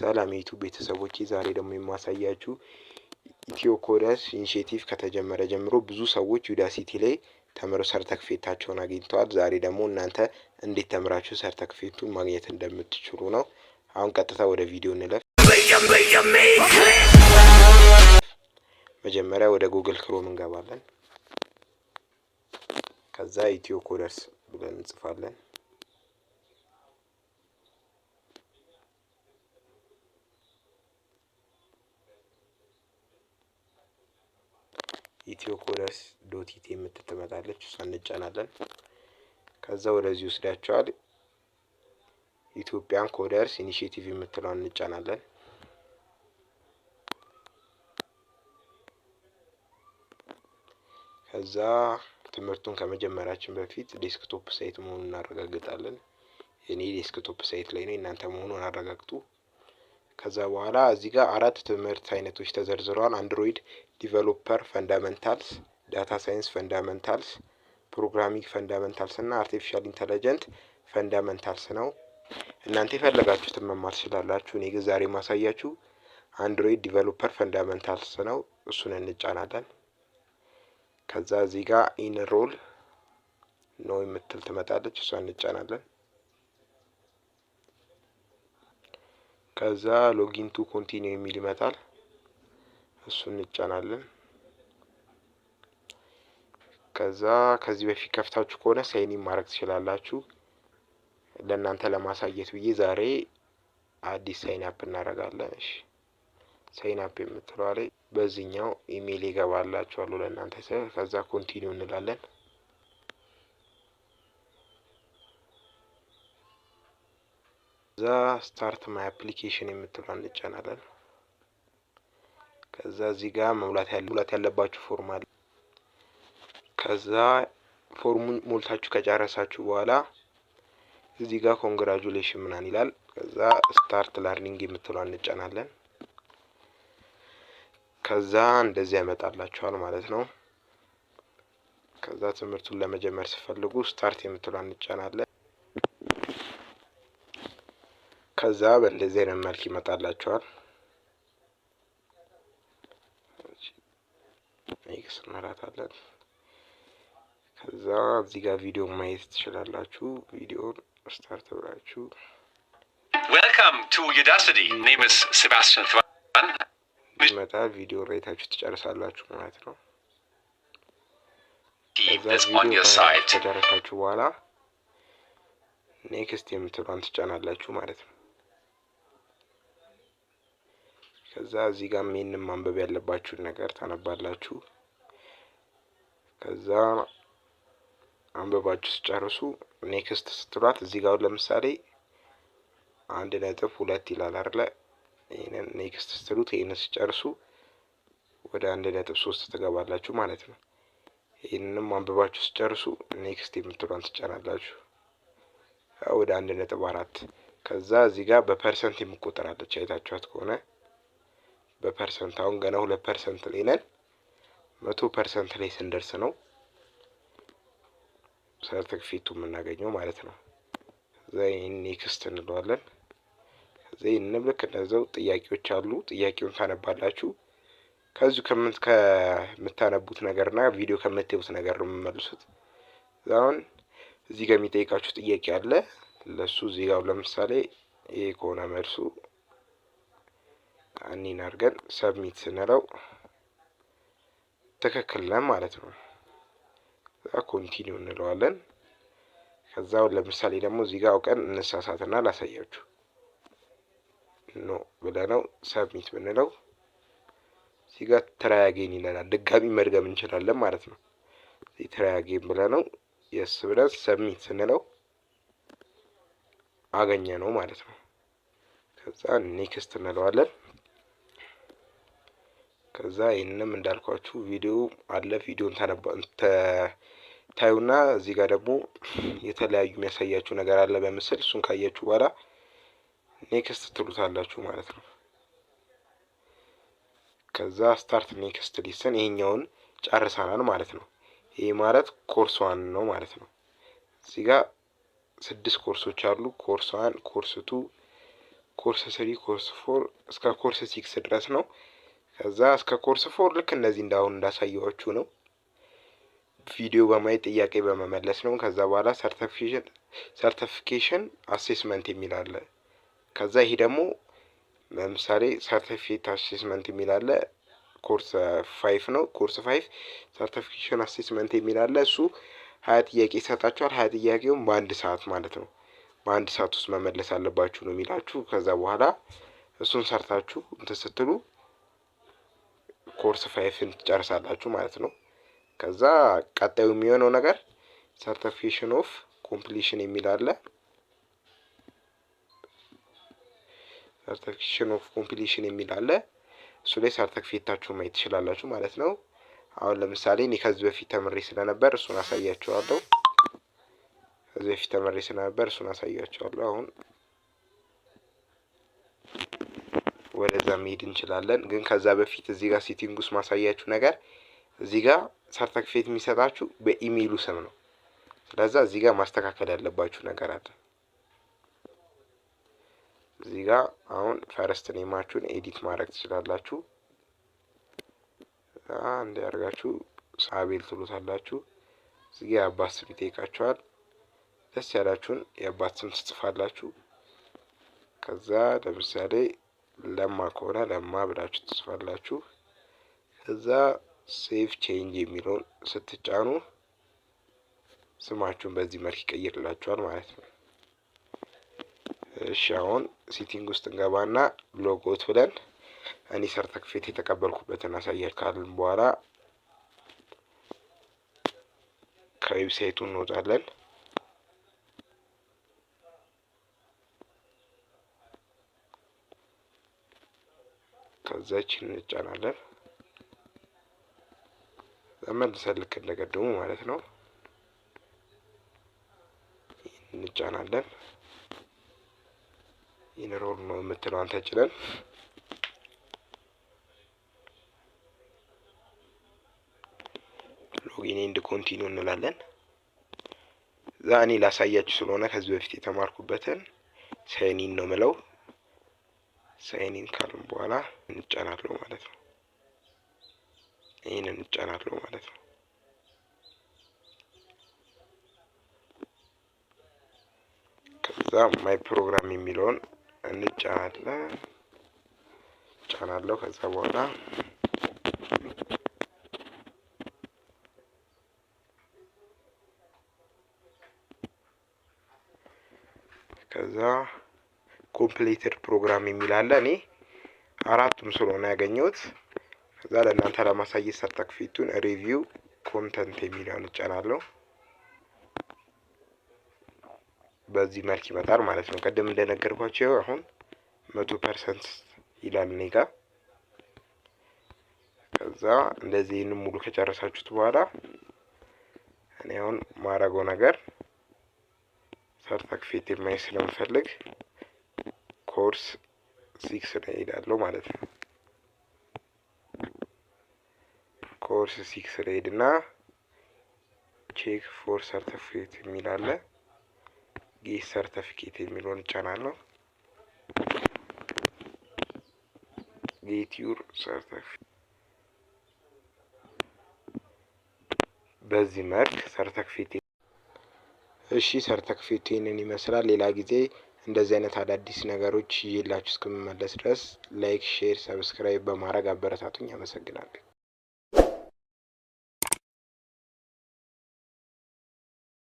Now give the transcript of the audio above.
ሰላም የዩቱብ ቤተሰቦች ዛሬ ደግሞ የማሳያችሁ ኢትዮ ኮደርስ ከተጀመረ ጀምሮ ብዙ ሰዎች ዩዳሲቲ ላይ ተምረው ሰርተክፌታቸውን አግኝተዋል። ዛሬ ደግሞ እናንተ እንዴት ተምራችሁ ሰርተክፌቱን ማግኘት እንደምትችሉ ነው። አሁን ቀጥታ ወደ ቪዲዮ እንለፍ። መጀመሪያ ወደ ጉግል ክሮም እንገባለን። ከዛ ኢትዮ ኮደርስ ብለን እንጽፋለን። ኢትዮ ኮደርስ ዶት ኢቲ የምትመጣለች እሷ እንጫናለን። ከዛ ወደዚህ ይወስዳቸዋል። ኢትዮጵያን ኮደርስ ኢኒሽቲቭ የምትለው እንጫናለን። ከዛ ትምህርቱን ከመጀመራችን በፊት ዴስክቶፕ ሳይት መሆኑን እናረጋግጣለን። እኔ ዴስክቶፕ ሳይት ላይ ነው። እናንተ መሆኑን አረጋግጡ። ከዛ በኋላ እዚህ ጋር አራት ትምህርት አይነቶች ተዘርዝረዋል። አንድሮይድ ዲቨሎፐር ፈንዳመንታልስ፣ ዳታ ሳይንስ ፈንዳመንታልስ፣ ፕሮግራሚንግ ፈንዳመንታልስ እና አርቲፊሻል ኢንተለጀንት ፈንዳመንታልስ ነው። እናንተ የፈለጋችሁትን መማር ትችላላችሁ። እኔ ግን ዛሬ ማሳያችሁ አንድሮይድ ዲቨሎፐር ፈንዳመንታልስ ነው። እሱን እንጫናለን። ከዛ እዚህ ጋር ኢንሮል ነው የምትል ትመጣለች። እሷ እንጫናለን። ከዛ ሎጊን ቱ ኮንቲኒው የሚል ይመጣል። እሱን እንጫናለን። ከዛ ከዚህ በፊት ከፍታችሁ ከሆነ ሳይኒ ማድረግ ትችላላችሁ። ለእናንተ ለማሳየት ብዬ ዛሬ አዲስ ሳይን አፕ እናደርጋለን። እሺ ሳይን አፕ የምትለዋ ላይ በዚህኛው ኢሜይል ይገባላችኋሉ ለእናንተ። ከዛ ኮንቲኒው እንላለን። ከዛ ስታርት ማይ አፕሊኬሽን የምትለዋን እንጫናለን። ከዛ እዚህ ጋር መሙላት ያለባችሁ ፎርም አለ። ከዛ ፎርሙን ሞልታችሁ ከጨረሳችሁ በኋላ እዚህ ጋር ኮንግራጁሌሽን ምናን ይላል። ከዛ ስታርት ላርኒንግ የምትለዋን እንጫናለን። ከዛ እንደዚህ ያመጣላችኋል ማለት ነው። ከዛ ትምህርቱን ለመጀመር ስፈልጉ ስታርት የምትሏ እንጫናለን። ከዛ በእንደዚህ አይነት መልክ ይመጣላቸዋል። ኤክስ እንላታለን። ከዛ እዚህ ጋር ቪዲዮ ማየት ትችላላችሁ። ቪዲዮን ስታርት ብላችሁ ዌልካም ቱ ዩዳሲቲ ኔምስ ሴባስቲያን ፋን ይመጣ ቪዲዮ ራይታችሁ ትጨርሳላችሁ ማለት ነው። ከደረሳችሁ በኋላ ኔክስት የምትሏን ትጫናላችሁ ማለት ነው። ከዛ እዚህ ጋር ይህንን ማንበብ ያለባችሁን ነገር ታነባላችሁ። ከዛ አንበባችሁ ስጨርሱ ኔክስት ስትሏት እዚህ ጋር ለምሳሌ አንድ ነጥብ ሁለት ይላል አይደለ? ይህንን ኔክስት ስትሉት ይህንን ስጨርሱ ወደ አንድ ነጥብ ሶስት ትገባላችሁ ማለት ነው። ይህንንም አንብባችሁ ስጨርሱ ኔክስት የምትሏን ትጫናላችሁ ወደ አንድ ነጥብ አራት ከዛ እዚህ ጋር በፐርሰንት የምቆጠራለች አይታችኋት ከሆነ በፐርሰንት አሁን ገና ሁለት ፐርሰንት ላይ ነን። መቶ ፐርሰንት ላይ ስንደርስ ነው ፊቱ የምናገኘው ማለት ነው። ዘይ ኔክስት እንለዋለን። ዘይንም ልክ እንደዛው ጥያቄዎች አሉ። ጥያቄውን ታነባላችሁ። ከዚሁ ከምታነቡት ነገርና ቪዲዮ ከምታዩት ነገር ነው የምመልሱት። አሁን እዚህ ጋር የሚጠይቃችሁ ጥያቄ አለ። ለሱ እዚህ ጋር ለምሳሌ ይሄ ከሆነ መልሱ እኔን አድርገን ሰብሚት ስንለው ትክክል ነን ማለት ነው። ኮንቲኒው እንለዋለን። ከዛው ለምሳሌ ደግሞ እዚህ ጋር አውቀን እንሳሳትና ላሳያችሁ ኖ ብለነው ሰብሚት ብንለው እዚህ ጋር ትራያጌን ይለናል። ድጋሚ መድገም እንችላለን ማለት ነው። እዚህ ትራያጌን ብለነው የስ ብለን ሰብሚት ስንለው አገኘ ነው ማለት ነው። ከዛ ኔክስት እንለዋለን። ከዛ ይህንንም እንዳልኳችሁ ቪዲዮ አለ ቪዲዮን ታዩና እዚህ ጋር ደግሞ የተለያዩ የሚያሳያችሁ ነገር አለ በምስል እሱን ካያችሁ በኋላ ኔክስት ትሉታላችሁ ማለት ነው። ከዛ ስታርት ኔክስት ሊስን ይሄኛውን ጨርሰናል ማለት ነው። ይህ ማለት ኮርስ ዋን ነው ማለት ነው። እዚህ ጋር ስድስት ኮርሶች አሉ። ኮርስ ዋን፣ ኮርስ ቱ፣ ኮርስ ስሪ፣ ኮርስ ፎር እስከ ኮርስ ሲክስ ድረስ ነው። ከዛ እስከ ኮርስ ፎር ልክ እንደዚህ እንዳሁን እንዳሳየኋችሁ ነው። ቪዲዮ በማየት ጥያቄ በመመለስ ነው። ከዛ በኋላ ሰርቲፊኬሽን አሴስመንት የሚላለ ከዛ ይሄ ደግሞ ለምሳሌ ሰርቲፊኬት አሴስመንት የሚላለ ኮርስ ፋይፍ ነው። ኮርስ ፋይፍ ሰርቲፊኬሽን አሴስመንት የሚላለ እሱ ሀያ ጥያቄ ይሰጣችኋል። ሀያ ጥያቄውም በአንድ ሰዓት ማለት ነው በአንድ ሰዓት ውስጥ መመለስ አለባችሁ ነው የሚላችሁ። ከዛ በኋላ እሱን ሰርታችሁ እንትን ስትሉ ኮርስ ፋይፍን ትጨርሳላችሁ ማለት ነው። ከዛ ቀጣዩ የሚሆነው ነገር ሰርቲፊኬሽን ኦፍ ኮምፕሊሽን የሚል አለ። ሰርቲፊኬሽን ኦፍ ኮምፕሊሽን የሚል አለ። እሱ ላይ ሰርቲፊኬታችሁ ማየት ትችላላችሁ ማለት ነው። አሁን ለምሳሌ እኔ ከዚህ በፊት ተምሬ ስለነበር እሱን አሳያችኋለሁ። ከዚህ በፊት ተምሬ ስለነበር እሱን አሳያችኋለሁ አሁን ወደዛ መሄድ እንችላለን። ግን ከዛ በፊት እዚህ ጋር ሴቲንግ ውስጥ ማሳያችሁ ነገር እዚህ ጋር ሰርተክፌት የሚሰጣችሁ በኢሜይሉ ስም ነው። ስለዛ እዚህ ጋር ማስተካከል ያለባችሁ ነገር አለ። እዚህ ጋር አሁን ፈረስት ኔማችሁን ኤዲት ማድረግ ትችላላችሁ። አንድ ያርጋችሁ ሳቤል ትሉታላችሁ። እዚህ ጋር የአባት ስም ይጠይቃችኋል። ደስ ያላችሁን የአባት ስም ትጽፋላችሁ። ከዛ ለምሳሌ ለማ ከሆነ ለማ ብላችሁ ትጽፋላችሁ። ከዛ ሴቭ ቼንጅ የሚለውን ስትጫኑ ስማችሁን በዚህ መልክ ይቀይርላችኋል ማለት ነው። እሺ አሁን ሴቲንግ ውስጥ እንገባና ሎጎት ብለን እኔ ሰርተክፌት የተቀበልኩበትን አሳያችሁ ካልን በኋላ ከዌብሳይቱ እንወጣለን። እዛች እንጫናለን መልሰን ልክ እንደገደሙ ማለት ነው እንጫናለን። ይህን ሮል ነው የምትለዋን ተጭነን ሎጊን ኤንድ ኮንቲኒው እንላለን። እዛ እኔ ላሳያችሁ ስለሆነ ከዚህ በፊት የተማርኩበትን ሳይኒን ነው ምለው። ሳይኒን ካሉም በኋላ እንጫናለው ማለት ነው። ይህን እንጫናለው ማለት ነው። ከዛ ማይ ፕሮግራም የሚለውን እንጫናለን ጫናለሁ። ከዛ በኋላ ኮምፕሌትድ ፕሮግራም የሚል አለ። እኔ አራቱም ስለሆነ ያገኘሁት ከዛ ለእናንተ ለማሳየት ሰርተክፌቱን ሪቪው ኮንተንት የሚለውን እጫናለሁ። በዚህ መልክ ይመጣል ማለት ነው። ቅድም እንደነገርኳቸው አሁን መቶ ፐርሰንት ይላል እኔ ከዛ እንደዚህ ይህንም ሙሉ ከጨረሳችሁት በኋላ እኔ አሁን ማረገው ነገር ሰርተክፌት የማይ ስለምፈልግ ፎርስ ሲክስ ላይ እሄዳለሁ ማለት ነው። ኮርስ ሲክስ ላይ ሄድና ቼክ ፎር ሰርተፊኬት የሚል አለ። ጌት ሰርተፊኬት የሚለውን እጫናለሁ። ጌት ዩር ሰርተፊኬት በዚህ መልክ ሰርተፊኬት እሺ ሰርተፊኬቴንን ይመስላል። ሌላ ጊዜ እንደዚህ አይነት አዳዲስ ነገሮች ይዤላችሁ እስክመለስ ድረስ ላይክ፣ ሼር፣ ሰብስክራይብ በማድረግ አበረታቱኝ። አመሰግናለሁ።